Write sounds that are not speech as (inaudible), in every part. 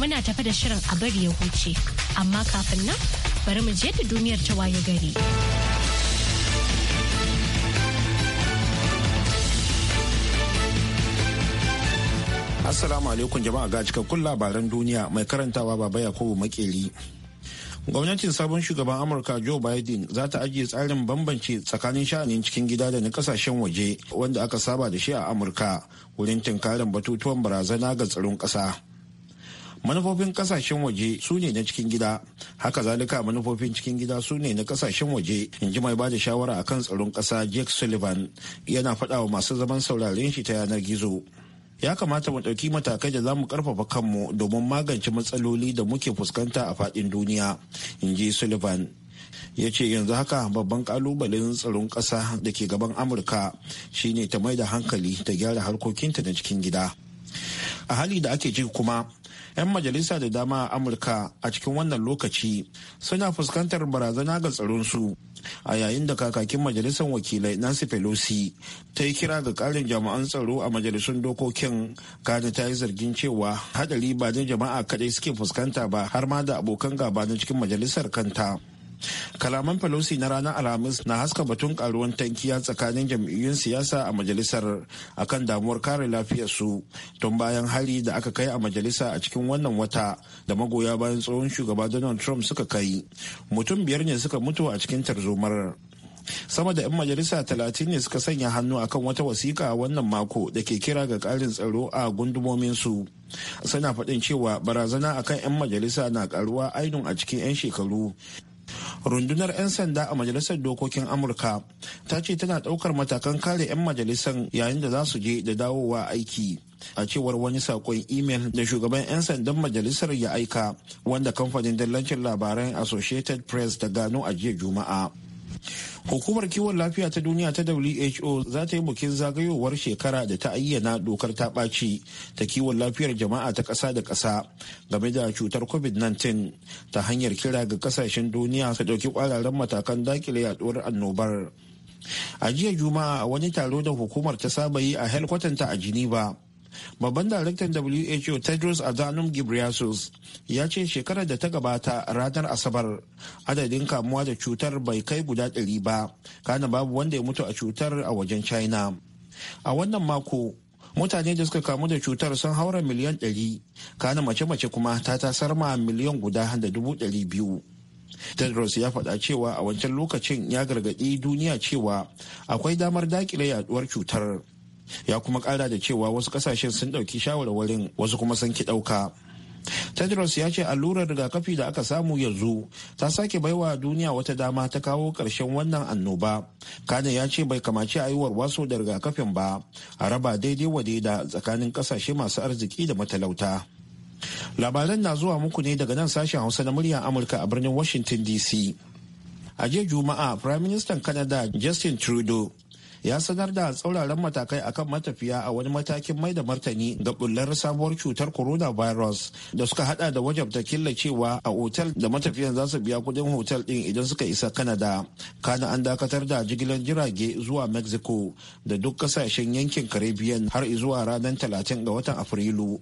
muna tafi da shirin a bari ya huce amma kafin nan bari mu je da duniyar ta waye gari. Assalamu alaikum jama'a ga cikakkun labaran duniya mai karantawa baba Yakubu Makeli. Gwamnatin sabon shugaban Amurka Joe Biden za ta ajiye tsarin bambance tsakanin sha'anin cikin gida da na kasashen waje wanda aka saba da shi a Amurka wurin tunkarin batutuwan barazana ga tsaron ƙasa. manufofin kasashen waje su ne na cikin gida haka zalika manufofin cikin gida su ne na kasashen waje inji mai bada shawara akan tsaron kasa jake sullivan yana faɗa wa masu zaman sauraren shi ta yanar gizo ya kamata mu ɗauki matakai da za mu ƙarfafa kanmu domin magance matsaloli da muke fuskanta a faɗin duniya inji ji sullivan ya ce yanzu haka babban kalubalen tsaron ƙasa da ke gaban amurka shine ta mai da hankali ta gyara harkokinta na cikin gida a hali da ake ciki kuma 'yan majalisa da dama a amurka a cikin wannan lokaci suna fuskantar barazana ga tsaronsu a yayin da kakakin majalisar wakilai nancy pelosi ta yi kira ga karin jami'an tsaro a majalisun dokokin kada ta yi zargin cewa hadari ba na jama'a kadai suke fuskanta ba har ma da abokan gaba na cikin majalisar kanta kalaman pelosi na ranar alhamis na haska batun karuwan tankiya tsakanin jam'iyyun siyasa a majalisar akan damuwar kare lafiyarsu tun bayan hari da aka kai a majalisa a cikin wannan wata da magoya bayan tsohon shugaba donald trump suka kai mutum biyar ne suka mutu a cikin tarzomar sama da 'yan majalisa talatin ne suka sanya hannu akan wata wasiƙa wannan mako da ke kira ga ƙarin tsaro a gundumominsu suna faɗin cewa barazana akan 'yan majalisa na ƙaruwa ainihin a cikin 'yan shekaru rundunar 'yan sanda a majalisar dokokin amurka ta ce tana ɗaukar matakan kare 'yan majalisar yayin da za su je da dawowa aiki a cewar wani sakon imel da shugaban 'yan sandan majalisar ya aika wanda kamfanin dallancin labaran associated press ta gano a jiya juma'a Hukumar kiwon lafiya ta duniya ta WHO za ta yi bukin zagayowar shekara da ta ayyana dokar ta ɓaci ta kiwon lafiyar jama'a ta ƙasa da ƙasa game da cutar COVID-19 ta hanyar kira ga ƙasashen duniya su ɗauki ƙwararren matakan dakile yaɗuwar annobar. A jiya Juma'a wani taro da hukumar ta saba yi a helkwatanta a Geneva. babban daraktan who tedros adhanom ghebreyesus ya ce shekarar da ta gabata ranar asabar adadin kamuwa da cutar bai kai guda ɗari ba kana babu wanda ya mutu a cutar a wajen china a wannan mako mutane da suka kamu da cutar sun haura miliyan ɗari kana mace-mace kuma ta tasar ma miliyan guda da dubu ɗari biyu tedros ya faɗa cewa a wancan lokacin ya gargaɗi duniya cewa akwai damar daƙile yaduwar cutar ya kuma kara da cewa wasu kasashen sun dauki shawarwarin wasu kuma sun ki dauka. tedros ya ce allurar rigakafi da aka samu yanzu ta sake baiwa duniya wata dama ta kawo karshen wannan annoba kane ya ce bai kamaci a yi warwaso da rigakafin ba a raba daidai wa da tsakanin kasashe masu arziki da matalauta labaran na zuwa muku ne daga nan sashen hausa na muryar amurka a birnin washington dc a jiya juma'a prime minister canada justin trudeau ya sanar da tsauraran matakai akan matafiya a wani matakin mai da martani ga bullar sabuwar cutar coronavirus da suka hada da wajabta cewa a otal da matafiyan za su biya kudin otal din idan suka isa Canada. Kana an dakatar da jigilar jirage zuwa Mexico da duk kasashen yankin Caribbean har zuwa ranar 30 ga watan Afrilu.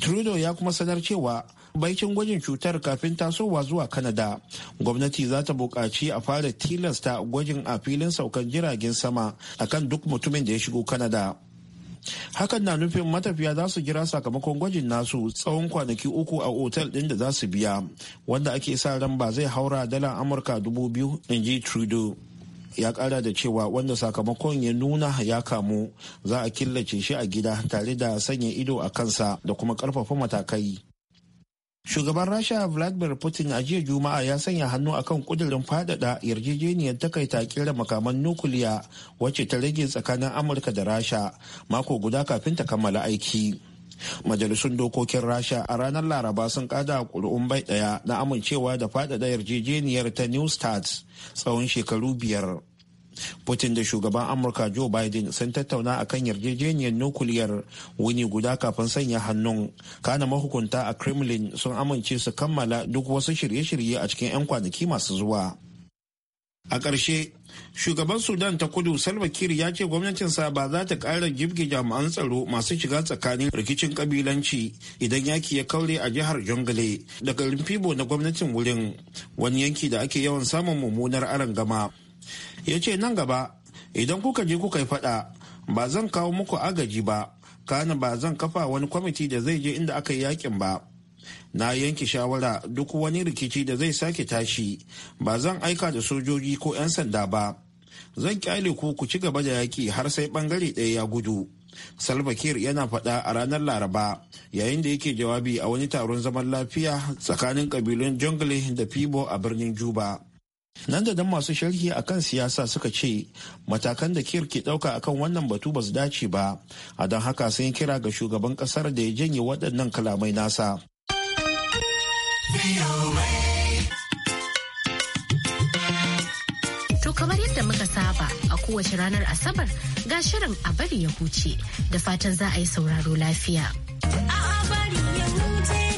Trudeau ya kuma sanar cewa bakin gwajin cutar kafin tasowa zuwa kanada Gwamnati za ta buƙaci a fara tilasta gwajin a filin saukan jiragen sama akan duk mutumin da ya shigo kanada. Hakan na nufin matafiya za su jira sakamakon gwajin nasu tsawon kwanaki uku a otal ɗin da za su biya, wanda ake sa ran ba zai haura dala Amurka dubu biyu, in ji Trudeau. ya kara da cewa wanda sakamakon ya nuna ya kamu za a killace shi a gida tare da sanya ido a kansa da kuma karfafa matakai shugaban rasha vladimir putin a jiya juma'a ya sanya hannu akan kudirin fadada yarjejeniyar takaita kera makaman nukuliya wacce ta rage tsakanin amurka da rasha mako guda kafin ta kammala aiki majalisun dokokin rasha a ranar laraba sun kada kuri'un bai daya na amincewa da fadada yarjejeniyar ta new start tsawon shekaru biyar Putin da shugaban Amurka Joe Biden sun tattauna a kan yarjejeniyar nukuliyar wuni guda kafin sanya hannun. Kana mahukunta a Kremlin sun amince su kammala duk wasu shirye-shirye a cikin 'yan kwanaki masu zuwa. A ƙarshe, shugaban Sudan ta kudu Salva Kiir ya ce gwamnatinsa ba za ta ƙara jibge jami'an tsaro masu shiga tsakanin rikicin ƙabilanci idan yaki ya kaure a jihar Jongle da garin Fibo na gwamnatin wurin wani yanki da ake yawan samun mummunar arangama. gama. ya ce nan gaba idan kuka je kuka yi fada ba zan kawo muku agaji ba kana ba zan kafa wani kwamiti da zai je inda aka yi yakin ba na yanke shawara duk wani rikici da zai sake tashi ba zan aika da sojoji ko 'yan sanda ba zan kyale ku ku ci gaba da yaki har sai bangare ɗaya ya gudu salva kiir yana faɗa a ranar laraba yayin da yake jawabi a wani taron zaman lafiya tsakanin kabilun jungle da fibo a birnin juba nan da dan masu sharhi akan siyasa suka ce matakan da kir ke dauka akan wannan batu ba su dace ba a don haka sun yi kira ga shugaban kasar da ya janye waɗannan kalamai nasa To kamar yadda muka saba a kowace ranar asabar ga shirin a bari ya huce da fatan za a yi sauraro lafiya. A bari ya huce.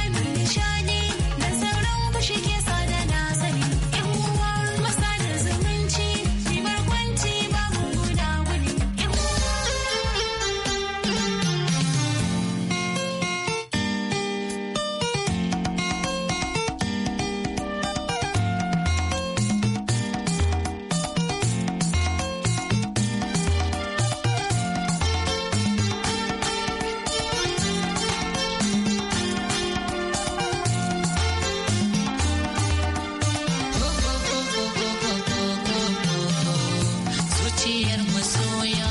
zuciyar masoya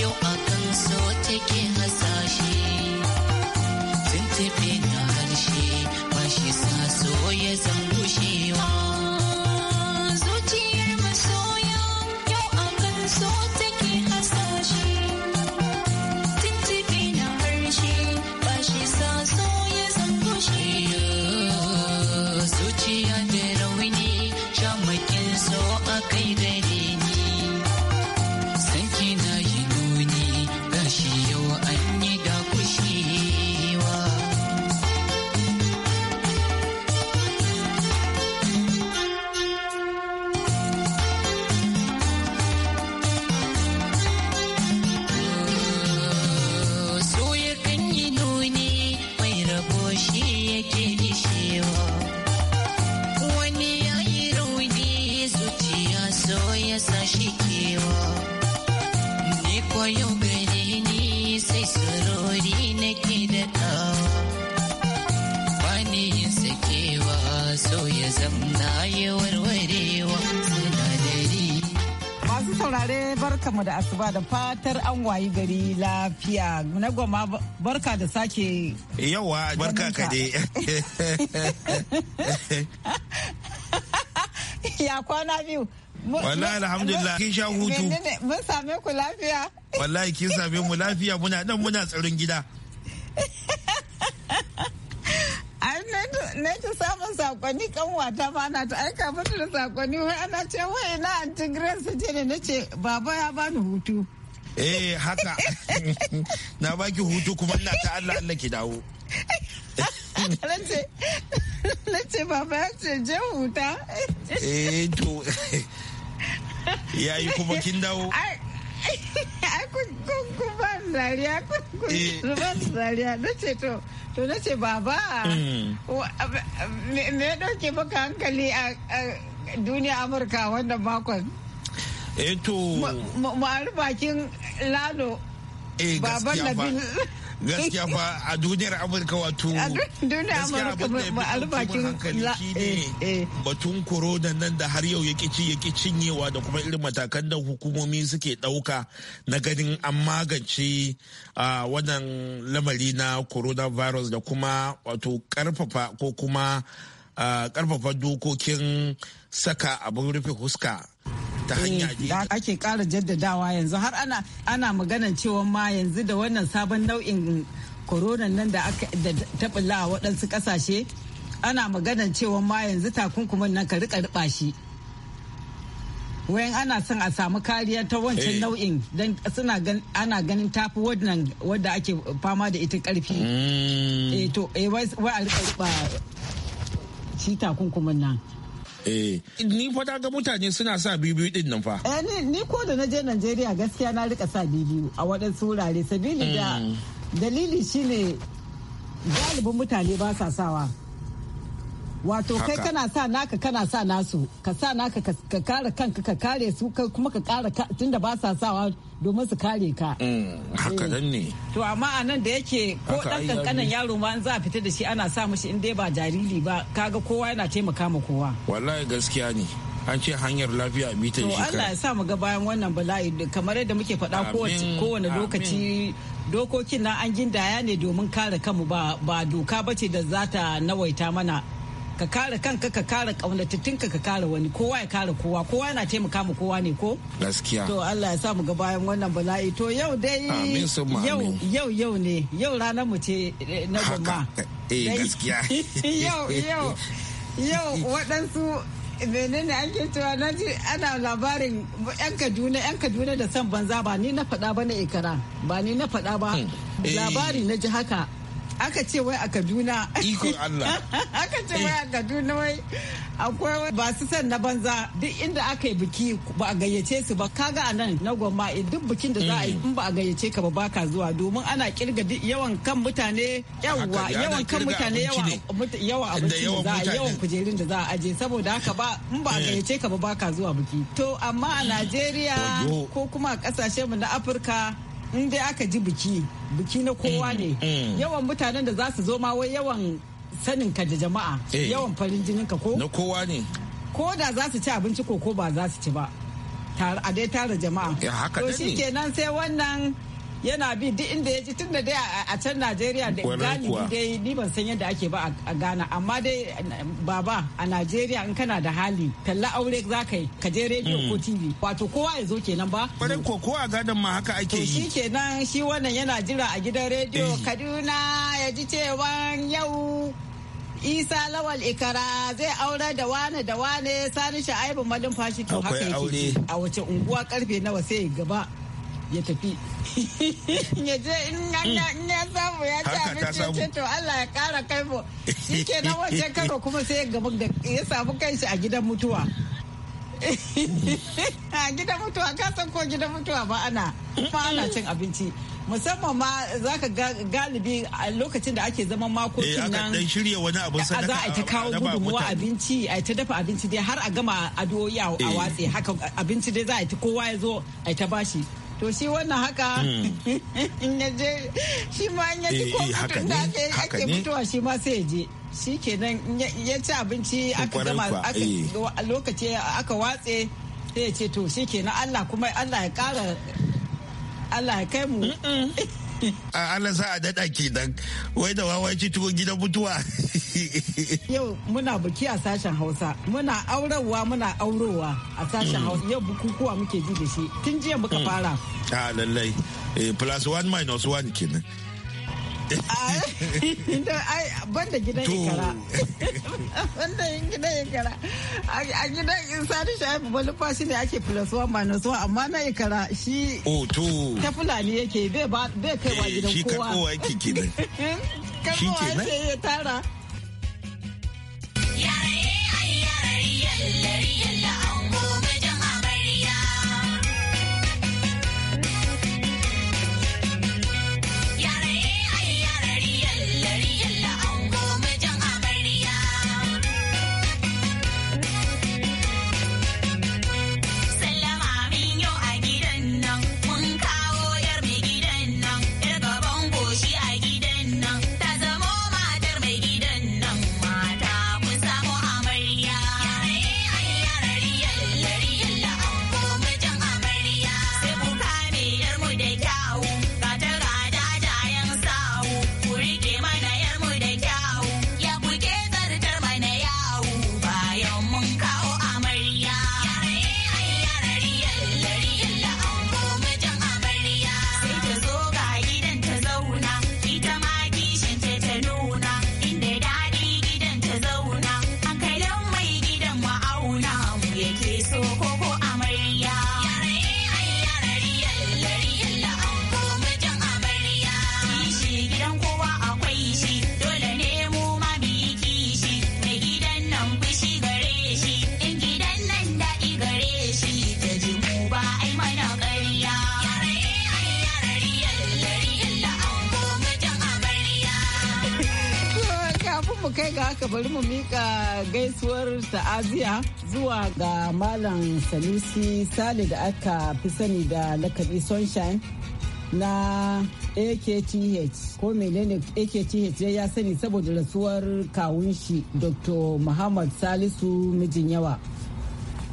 yau kan so take hasashe tuntuɓe na harshe ba shi sa so ya zama koyo gare ni sai sarori nake da ta bani yin sakewa so ya zamna ya warwarewa sinadari masu saurare barkamu da asuba da fatar an wayi gari lafiya na goma barka da sake yawa (laughs) ya kwana biyu wallahi alhamdulillah kin sha hutu mun same ku lafiya wallahi kin same mu lafiya muna nan muna tsaron gida (laughs) na ci samun sakonni wata ma na ta aika mata da sakonni wai ana ce wai na anti grace ce ne nace baba ya bani hutu eh haka (laughs) na baki hutu kuma ina ta Allah Allah ki dawo (laughs) nace baba ya ce je huta eh to ya yi kuma kin dawo zariya (laughs) (laughs) zariya eh. (laughs) na ce to to na ce baba hmm. me ya dauke maka hankali a duniya amurka wannan makon eh to ma'ar bakin lano eh, baban nabil gaskiya fa a duniyar amurka wato da shine eh, eh. batun korona nan da har yau ya kici ya cinyewa da kuma irin matakan da hukumomi suke ɗauka na ganin an magance wannan lamari na coronavirus da kuma wato karfafa ko kuma karfafa dokokin saka abin rufe huska ta eh, hanya da ake kara jaddadawa yanzu har ana ana maganan cewa ma yanzu da wannan sabon nau'in koronan nan da aka da taɓilla a waɗansu ƙasashe ana maganan cewa ma yanzu takunkumin nan ka riƙa riɓa shi wayan ana son a samu kariya ta wancan eh. nau'in don suna ana ganin tafi wannan wadda ake fama da ita karfi mm. eh to eh wai a riƙa riɓa shi takunkumin nan Eh. Ni fa ga mutane suna sa bibiyu din nan fa. Eh ni ko da na je Najeriya gaskiya na rika sa bibiyu a waɗansu wurare sabili da mm. dalili shine galibin mutane ba sa sawa. wato kai kana sa naka kana sa nasu ka sa naka ka kare kanka ka kare su kuma ka kare tunda ba sa sawa domin su kare ka mm, haka eh. nan ne to amma a nan da yake ko dan kankanan yaro ma za a fita da shi ana sa mushi in dai ba jariri ba kaga kowa yana taimaka ma kowa wallahi gaskiya ne an ce hanyar lafiya a mita shi Allah ya sa mu ga bayan wannan bala'i kamar yadda muke faɗa kowane lokaci dokokin na an gindaya ne domin kare kanmu ba doka bace da za ta nawaita mana ka kare kanka ka kare kaunatattun ka kare wani kowa ya kare kowa kowa yana taimaka mu kowa ne ko gaskiya to Allah ya sa mu ga bayan wannan bala'i to yau dai yau yau yau ne yau ranar mu ce eh, na goma eh gaskiya (laughs) yau yau yau (laughs) waɗansu menene ake cewa na ji ana labarin yan kaduna yan kaduna da san banza ba ni na faɗa ba na ikara ba ni na faɗa ba hmm. eh. labari na ji haka aka ce wai a kaduna ikon allah (laughs) aka ce wai a kaduna wai akwai ba su san na banza duk inda aka yi biki ba a gayyace su ba kaga a nan na gwamma eh, duk bikin da za a yi mm. in ba a gayyace ka ba baka zuwa domin ana kirga yawan kan mutane yawa yawan kan mutane yawa abinci da za a yawan kujerun da za a aje saboda haka ba in ba a eh. gayyace ka ba baka zuwa biki to amma a Najeriya ko kuma a kasashen mu na Afirka in dai aka ji biki biki na kowa mm, ne mm. yawan mutanen da za su zo ma wai yawan sanin ka da jama'a eh. yawan farin jinin ka ko na kowa ne ko da za su ci abinci ko ko ba za su ci ba a dai tara jama'a to shi kenan sai wannan yana bi duk inda ya ji tun da dai a can Najeriya da gani dai ni ban san yadda ake ba a Ghana amma dai baba a Najeriya in kana da hali talla aure za ka yi ka je rediyo hmm. ko TV wato kowa ya zo kenan ba kwarai ko ko a gadon ma haka ake yi shi kenan shi wannan yana jira a gidan rediyo eh. Kaduna ya ji cewa yau isa lawal ikara zai aure da wane da wane sani sha'aibu malin fashi to haka yake a wace unguwa karfe nawa sai gaba ya tafi (laughs) ya je in ya samu ya ci abinci ce to Allah ya kara kai mu shi ke na wace karo kuma sai ya gaba da ya samu kanshi a gidan mutuwa (laughs) a gidan mutuwa ka san ko gidan mutuwa ba ana ba ana cin abinci musamman ma za ka galibi a lokacin da ake zaman makokin eh, nan za a ta kawo gudunmuwa abinci a ta dafa abinci dai har a gama addu'o'i a eh. watse haka abinci dai za a ta kowa ya zo a ta bashi to shi wannan haka hmm. in ya je shi ma in ya ci eh, ko eh, mutum da ake mutuwa shi ma sai ya je shi kenan ya ci abinci aka gama a eh. lokaci aka watse sai ya ce to shi kenan Allah kuma Allah ya kara Allah ya kai mu ala sa a daɗa kenan wai da wawanci tuwon gidan mutuwa. (laughs) Yau muna buki a sashen Hausa. Muna aurewa muna aurowa a sashen mm. Hausa. Yau bukukuwa muke ji da shi. Tun jiya muka mm. fara. A ah, lallai. Eh, plus one minus one kenan. (laughs) banda gidan ikara (laughs) banda gidan ikara a gidan insani shafi balufa shi ne ake plus one minus one amma na ikara shi ta fulani yake bai kaiwa eh, gidan kowa shi karɓowa yake kenan (laughs) shi kenan ya tara gaisuwar ta'aziya zuwa ga Malam Salisi Sale da aka fi sani da lakabi Sunshine na AKTH ko menene AKTH ya sani saboda rasuwar kawun shi Dr. Muhammad Salisu mijin yawa.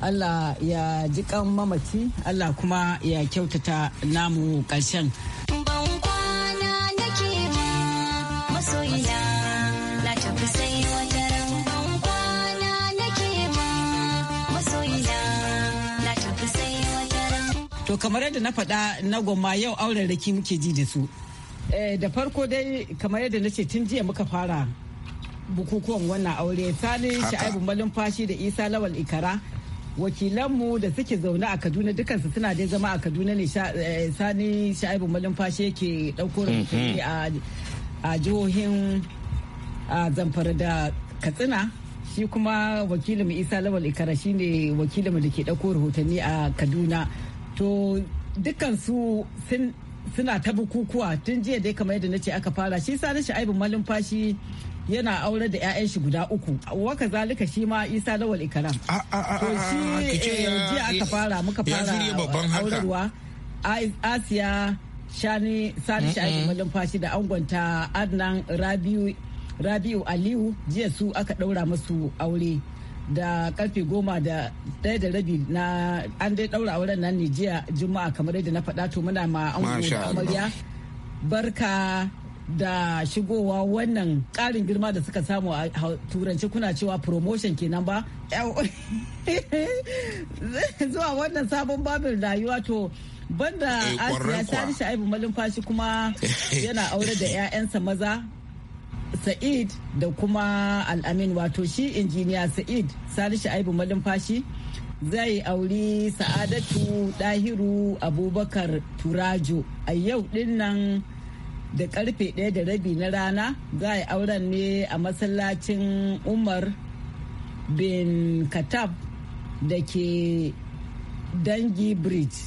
Allah ya ji kan mamaci, Allah kuma ya kyautata namu ƙarshen. to kamar yadda na faɗa na gwamma yau auren raki muke ji da su eh, da farko dai kamar yadda na ce tun jiya muka fara bukukuwan wannan aure sani sha'ibu malumfashi da isa lawal ikara wakilanmu da suke zaune a kaduna dukansu suna dai zama a kaduna ne eh, sani sha'ibu malumfashi yake ɗauko mhm. a jihohin zamfara da katsina shi kuma wakilinmu isa lawal ikara shine wakilinmu da ke ɗauko rahotanni a kaduna to dukansu sun suna ta bukukuwa tun jiya dai kamar yadda na ce aka fara shi sa na malin fashi yana aure da 'ya'yan shi guda uku waka zalika shi ma isa lawal ikaram to shi eh, jiya aka fara muka fara aurarwa asiya shani sani malin fashi da angonta adnan rabiu rabiu aliyu jiya su aka daura masu aure da karfe goma da ɗaya da rabi na an dai ɗaura auren nan ne jiya juma'a kamar yadda na faɗa to muna ma an amarya barka da shigowa wannan ƙarin girma da suka samu a turanci kuna cewa promotion kenan ba (laughs) zuwa wannan sabon babin rayuwa to banda eh, asiya sani sha'ibu malumfashi kuma (laughs) yana aure da 'ya'yansa maza sa'id da kuma al'amin wato shi injiniya sa'id salisu aibu malumfashi zai auri sa'adatu dahiru abubakar turajo a yau din da karfe ɗaya da rabi na rana za a auren ne a masallacin umar bin katab da ke dangi bridge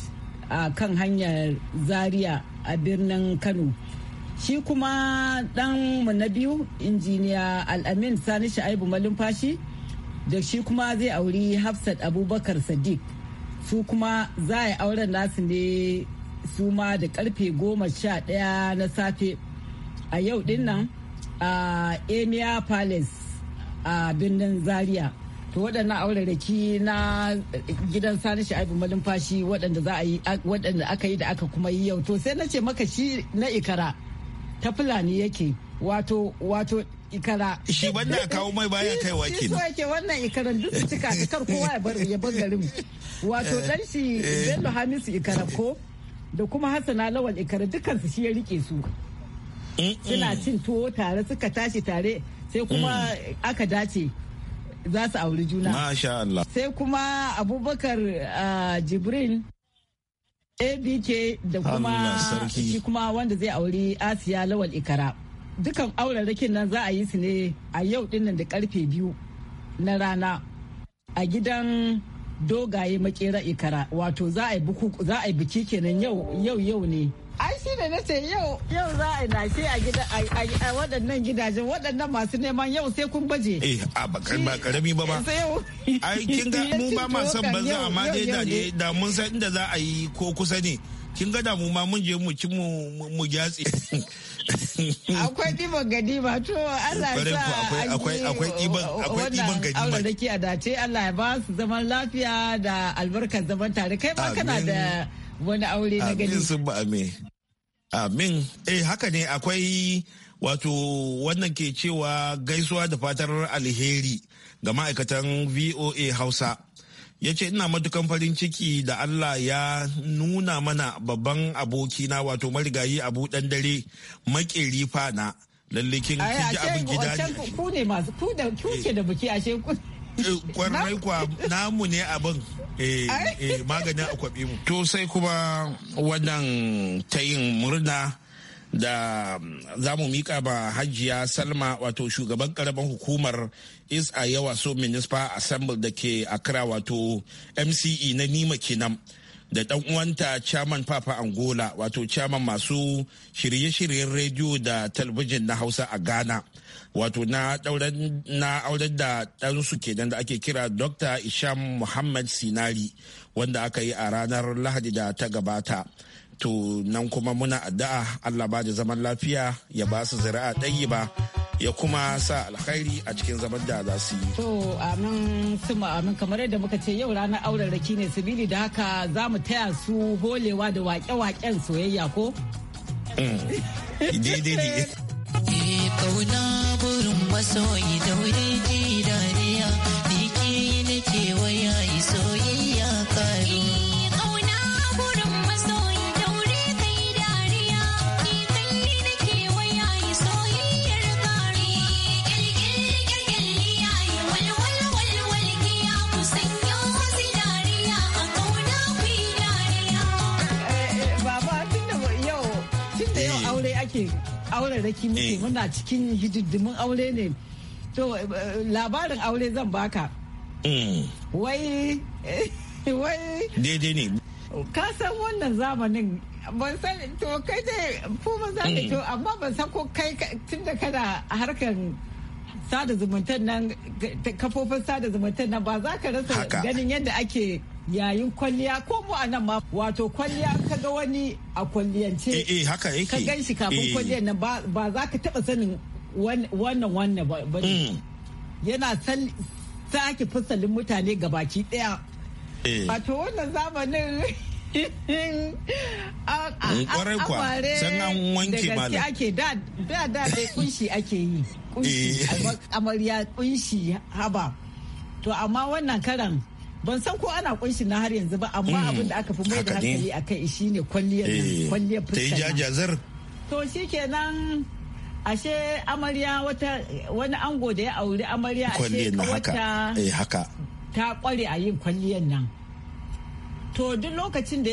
a kan hanyar zaria a birnin kano shi kuma mu na biyu injiniya al'amin sani sha'ibu malumfashi da shi kuma zai auri hafsat abubakar sadiq su kuma za a auren nasu ne su ma da karfe goma sha ɗaya na safe a yau din nan a emir palace a birnin zaria to waɗannan raki na gidan sani sha'ibu malumfashi waɗanda aka yi da aka kuma yi yau to sai na ce maka shi na ikara ta fulani yake wato wato ikara shi wannan kawo mai baya kai waki shi yake wannan ikaran duk su cika kar kowa ya bar ya bar garin wato eh. dan shi eh. Bello Hamisu ikara ko da kuma Hassan Lawal ikara dukkan su shi ya rike su suna cin tuwo tare suka tashi tare sai kuma mm. aka dace za su auri juna masha Allah sai kuma Abubakar ah, Jibril abk da kuma shi kuma wanda zai auri asiya lawal ikara dukan rikin nan za a yi su ne a yau dinnan da karfe biyu na rana a gidan dogaye makera ikara wato za a yi biki kenan yau yau yau ne ai shi da nace yau yau za a nashe a gida a waɗannan gidajen waɗannan masu neman yau sai kun baje eh a ba karami ba ba ai kin ga (laughs) mu ba ma san banza amma dai da da mun san inda za a yi ko kusa ne kin ga da mu ma mun je mu ci mu mu gyatsi (laughs) akwai ɗiban gadi ba to Allah ya sa akwai akwai ɗiban akwai ɗiban gadi ba aure da a dace Allah ya ba su zaman lafiya da albarkar zaman tare kai ma kana da wani aure na gani. Amin sun ba amin Amin. Eh haka ne akwai wato wannan ke cewa gaisuwa da fatar alheri ga ma'aikatan VOA Hausa. Ya ce ina matukan farin ciki da Allah ya nuna mana babban abokina wato marigayi abu dan dare makeri fana. kin ji abin gida ne. Ku ne masu ku da ku ke da buki ashe ku. kwarai kwa namu ne abin eh, eh, maganin akwabi mu to sai kuma wannan ta yin murna da za mu mika ba hajiya salma wato shugaban karamin hukumar is a yawa so municipal assembly da ke accra wato mce na nima kenan da ɗan uwanta chairman papa angola wato chairman masu shirye-shiryen rediyo da talabijin na hausa a ghana wato na auren da ɗansu kenan da ake kira dr isham muhammad sinari wanda aka yi a ranar lahadi da ta gabata to nan kuma muna addu'a allah ba da zaman lafiya ya ba su zira'a ɗayi ba ya kuma sa alkhairi a cikin zaman da za su yi. To amin suma amin kamar yadda muka ce yau ranar auren raki ne sabili da haka za mu taya su holewa da wake-waken soyayya ko? Mm. (laughs) Daidai ne. Eh, aure auraraki muke eh. muna cikin hididdimin aure ne to eh, labarin aure zan baka mm. wai eh, (laughs) wai daidai ne ka san wannan zamanin ban san to kai dai fuma za ka mm. to amma ban san ko kai tun da kana harkan sada zumuntar nan kafofin sada zumuntar nan ba za ka rasa ganin yadda ake yayin kwalliya ko mu a nan ma wato kwalliya ka ga wani a kwalliyance eh, eh haka yake ka gan shi kafin eh. kwalliyan nan ba za ka taba sanin wannan wannan ba mm. yana sake fasalin mutane gabaki daya eh. wato wannan zamanin (laughs) mm, kwarai kwa san an wanke malam ake da da dai kunshi ake yi (laughs) kunshi amarya kunshi haba to amma wannan karan ban san ko ana kunshi na har yanzu ba amma hmm. abin da aka fi mai da hankali a kai shi ne kwalliyar eh, kwalliyar fuska ta jajazar to nan ashe amarya wata wani ango da ya auri amarya ashe wata eh, haka ta kware a yin kwalliyar nan to duk lokacin da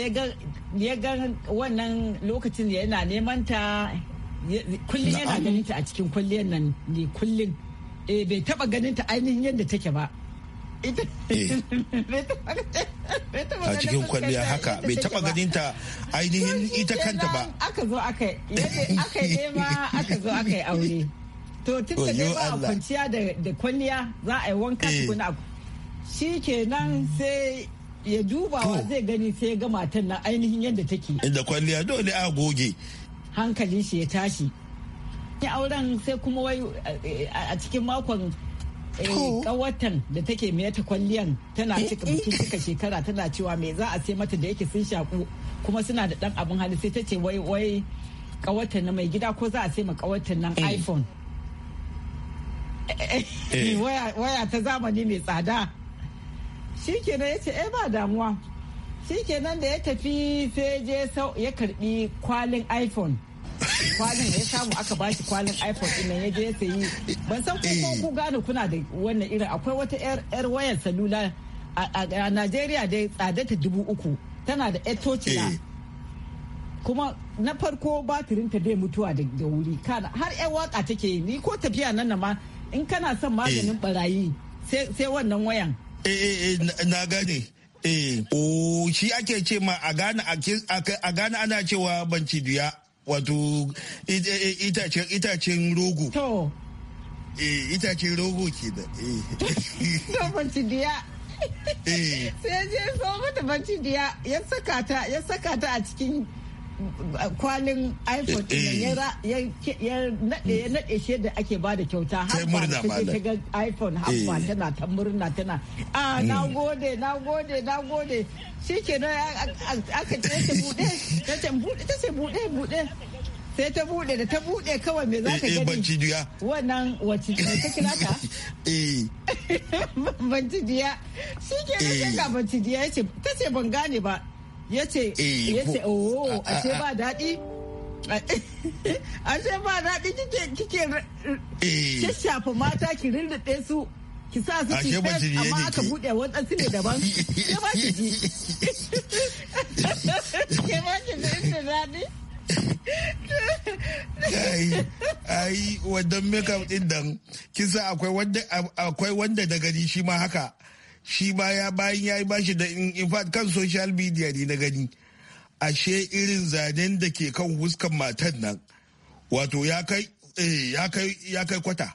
ya ga wannan lokacin da yana neman ta kullum yana ganin ta a cikin kwalliyar nan ne kullum eh, bai taba ganin ta ainihin yadda take ba Eh. (laughs) (laughs) a cikin kwalliya haka bai taba ganin ta ainihin ita kanta ba aka zo aka yi nema aka zo aka yi aure to tun da ba a kwanciya da kwalliya za a yi wanka eh. tukuna shi kenan sai ya dubawa zai gani sai ga matan nan ainihin yadda take inda kwalliya dole a goge hankalin shi ya tashi ya auren sai kuma wai eh, a cikin makon kawatan eh, da take mai ta kwalliyan tana eh, cika bikin eh. cika shekara tana cewa me za a sai mata da yake sun shaku kuma suna da dan abin hali sai ta ce wai wai kawatan na mai gida ko za a sai ma kawatan nan iphone (laughs) waya ta zamani mai tsada shikenan ya ce eh ba damuwa shikenan da ya tafi sai je ya karbi kwalin iphone kwalin ya samu aka bashi kwalin iphone din nan ya je ya sayi ban san ko eh. ku gane kuna da wannan irin akwai wata yar wayar salula a najeriya dai ta dubu uku tana da etoci na eh. kuma na farko batirinta dai mutuwa da wuri kana har yan waka take yi ni ko tafiya nan ma in kana son eh. maganin barayi sai wannan wayan na gane eh oh, shi ake ce ma a gane ana cewa banci duya wato itacen rogo to eh itacen rogo ke eh. (laughs) da eh sai je so mata bacci diya ya saka ta a cikin kwalin iphone eh, ya eh. naɗe shi da ake ba da kyauta har ba ta ga iphone eh. har tana ta murna tana a ah, hmm. na gode na gode na gode shi ke na aka ce ta ta ce buɗe ta ce buɗe buɗe sai ta buɗe da ta buɗe kawai me za ka gani wannan wacce ta kira ta (laughs) (laughs) banci diya shi ke na ta banci ce ta ce ban gane ba ya ce eh, ce oh ashe ba daɗi (laughs) ashe ba daɗi kike kike eh. shashafa mata ki rindaɗe su ki sa su ci amma aka buɗe su ne daban ya (laughs) ba ki ji ya (laughs) ba ki ji inda daɗi ai wannan makeup din nan kisa akwai wanda akwai wanda da gani shi ma haka shi baya bayan ya yi bashi da in fact kan social media ne na gani ashe irin zanen da ke kan huskan matan nan wato ya kai eh, kwata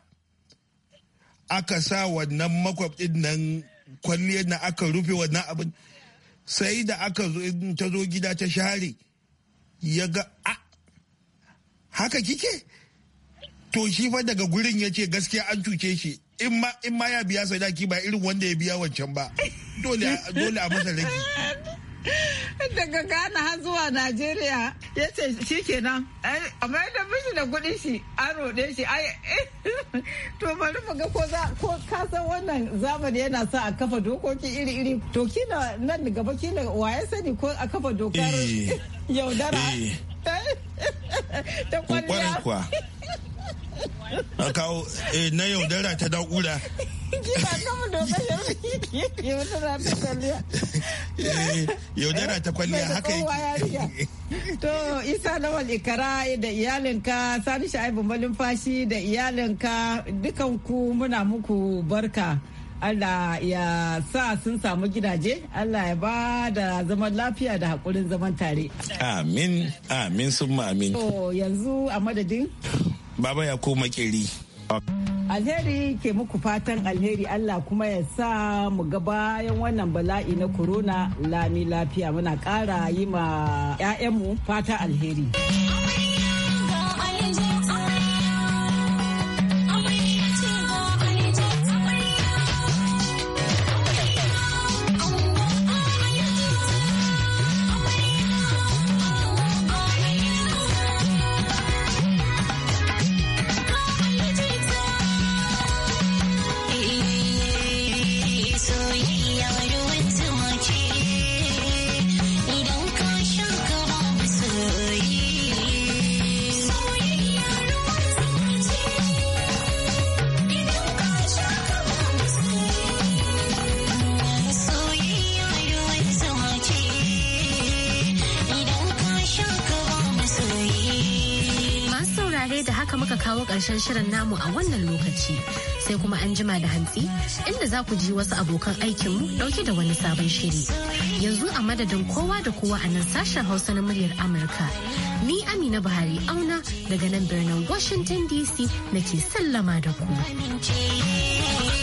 aka sa wannan makwabcin nan kwalliyar na aka rufe wannan abin sai da aka ta zo gida ta share ya ga a ah, haka kike to shi fa daga gurin ya ce gaskiya an cuce shi in ma in ma ya biya sadaki ba irin wanda ya biya wancan ba dole dole a masa laki (laughs) daga gana har zuwa Najeriya ya ce shi kenan amma da mishi da kudi shi an roɗe shi ai (laughs) to bari mu ga ko za ka san wannan zamani yana sa a kafa dokoki iri-iri to na nan gaba ki na ya sani ko a kafa dokar eh. (laughs) yaudara eh. ta kwalliya a kawo eh, na yaudara ta dakura eh, yaudara ta kwalliya haka yi to isa lawal ikara da iyalinka sani sha'ibu malumfashi da iyalinka dukanku muna muku barka Allah ya sa sun samu gidaje, Allah ya ba da zaman lafiya da haƙurin zaman tare. Amin, amin sun amin. To yanzu a madadin? Baba ya koma makeri. Alheri ke muku fatan alheri Allah kuma ya sa mu ga bayan wannan bala'i na corona lami lafiya muna ƙara yi ma 'ya'yanmu fata alheri. mu a wannan lokaci sai kuma an jima da hantsi inda za ku ji wasu abokan aikinmu dauke da wani sabon shiri. Yanzu a madadin kowa da kowa a nan sashen Hausa na muryar Amurka. Ni Amina Buhari auna daga nan birnin Washington DC nake sallama da ku.